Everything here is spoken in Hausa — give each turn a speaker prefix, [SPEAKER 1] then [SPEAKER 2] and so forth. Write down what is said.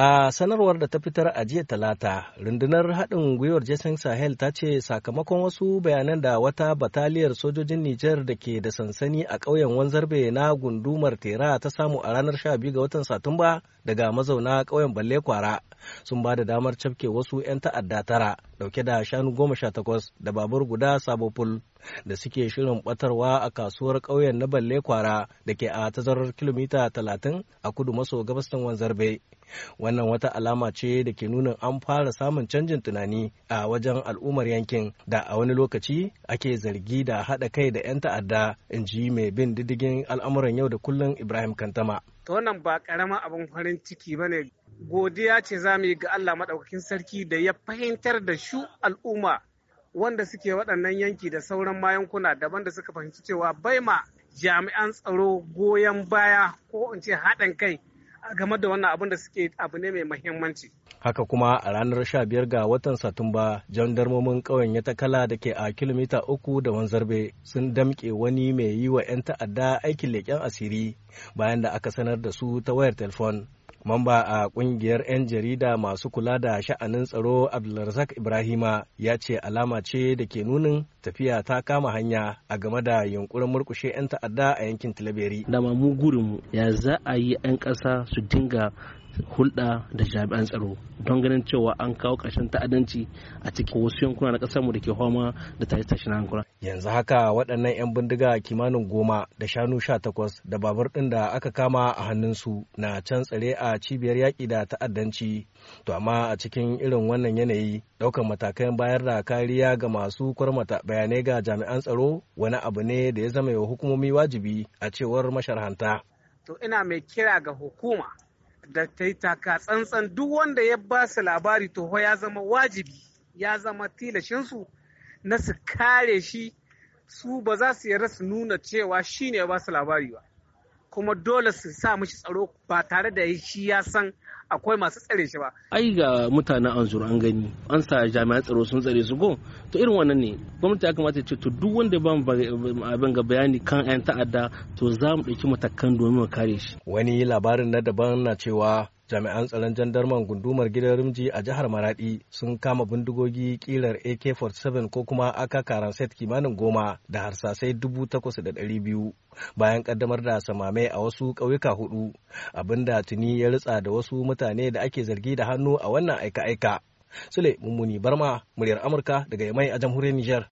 [SPEAKER 1] A sanarwar da ta fitar a jiya talata, rundunar haɗin gwiwar Jason Sahel ta ce sakamakon wasu bayanan da wata bataliyar sojojin Nijar da ke da sansani a ƙauyen Wanzarbe na gundumar Tera ta samu a ranar 12 ga watan Satumba daga mazauna ƙauyen Balle Kwara sun ba da damar cafke wasu 'yan ta'adda tara dauke da shanu goma sha takwas da babur guda sabo sabopul da suke shirin batarwa a kasuwar ƙauyen na balle kwara da ke a tazarar kilomita talatin a kudu maso gabashin wanzarbe wannan wata alama ce da ke nuna an fara samun canjin tunani a wajen al'ummar yankin da a wani lokaci ake zargi da haɗa kai da 'yan ta'adda in ji mai bin diddigin al'amuran yau da kullum ibrahim kantama
[SPEAKER 2] wannan ba ƙaramin abin farin ciki ba ne godiya ce za mu yi ga Allah maɗaukakin sarki da ya fahimtar da shu al'umma wanda suke waɗannan yanki da sauran mayankuna daban da suka fahimci cewa baima jami'an tsaro goyon baya ko in ce haɗin kai game da wannan abin da suke abu ne mai mahimmanci.
[SPEAKER 1] Haka kuma a ranar sha biyar ga watan Satumba, jandarmomin ƙauyen ya takala da ke a kilomita uku da wanzarbe sun damƙe wani mai yi wa 'yan ta'adda aikin leƙen asiri bayan da aka sanar da su ta wayar telefon. Mamba a kungiyar 'yan jarida masu kula da sha'anin tsaro Abdulrazak Ibrahima ya ce alama ce da ke nunin tafiya ta kama hanya a game da yunkurin murkushe 'yan ta'adda a yankin Tilaberi. Dama mu gurinmu ya za a yi 'yan ƙasa su dinga
[SPEAKER 3] hulɗa da jami'an tsaro don ganin cewa an kawo ƙarshen ta'addanci a cikin wasu yankuna na ƙasarmu da ke fama da tashin hankula.
[SPEAKER 1] Yanzu haka waɗannan 'yan bindiga kimanin goma da shanu sha takwas da babur ɗin da aka kama a hannunsu na can tsare a cibiyar yaƙi da ta'addanci. To amma a cikin irin wannan yanayi ɗaukar matakan bayar da kariya ga masu kwarmata bayanai ga jami'an tsaro wani abu ne da ya zama wa hukumomi wajibi a cewar masharhanta.
[SPEAKER 2] To ina mai kira ga hukuma da ta yi taka tsantsan duk wanda ya ba su labari toho ya zama wajibi ya zama tilashinsu na su kare shi su ba za su yarda su nuna cewa shi ne ya ba su labari ba kuma dole su sa mishi tsaro ba tare da shi ya san akwai masu tsare shi ba.
[SPEAKER 3] Ai ga mutanen anzuru an gani an sa jami'an tsaro sun tsare su go to irin wannan ne gwamnati ya kamata ce to duk wanda ba abin ga bayani kan ayan ta'adda
[SPEAKER 1] to za mu ɗauki matakan domin mu kare shi. Wani labarin na daban na cewa jami'an tsaron jandarman gundumar gidan rimji a jihar maradi sun kama bindigogi kilar ak-47 ko kuma aka karan set kimanin goma da harsasai dubu da biyu, bayan kaddamar da samame a wasu ƙauyuka hudu abinda tuni ya ritsa da wasu mutane da ake zargi da hannu a wannan aika-aika sule mummuni barma muryar amurka daga yamai a jamhuriyar niger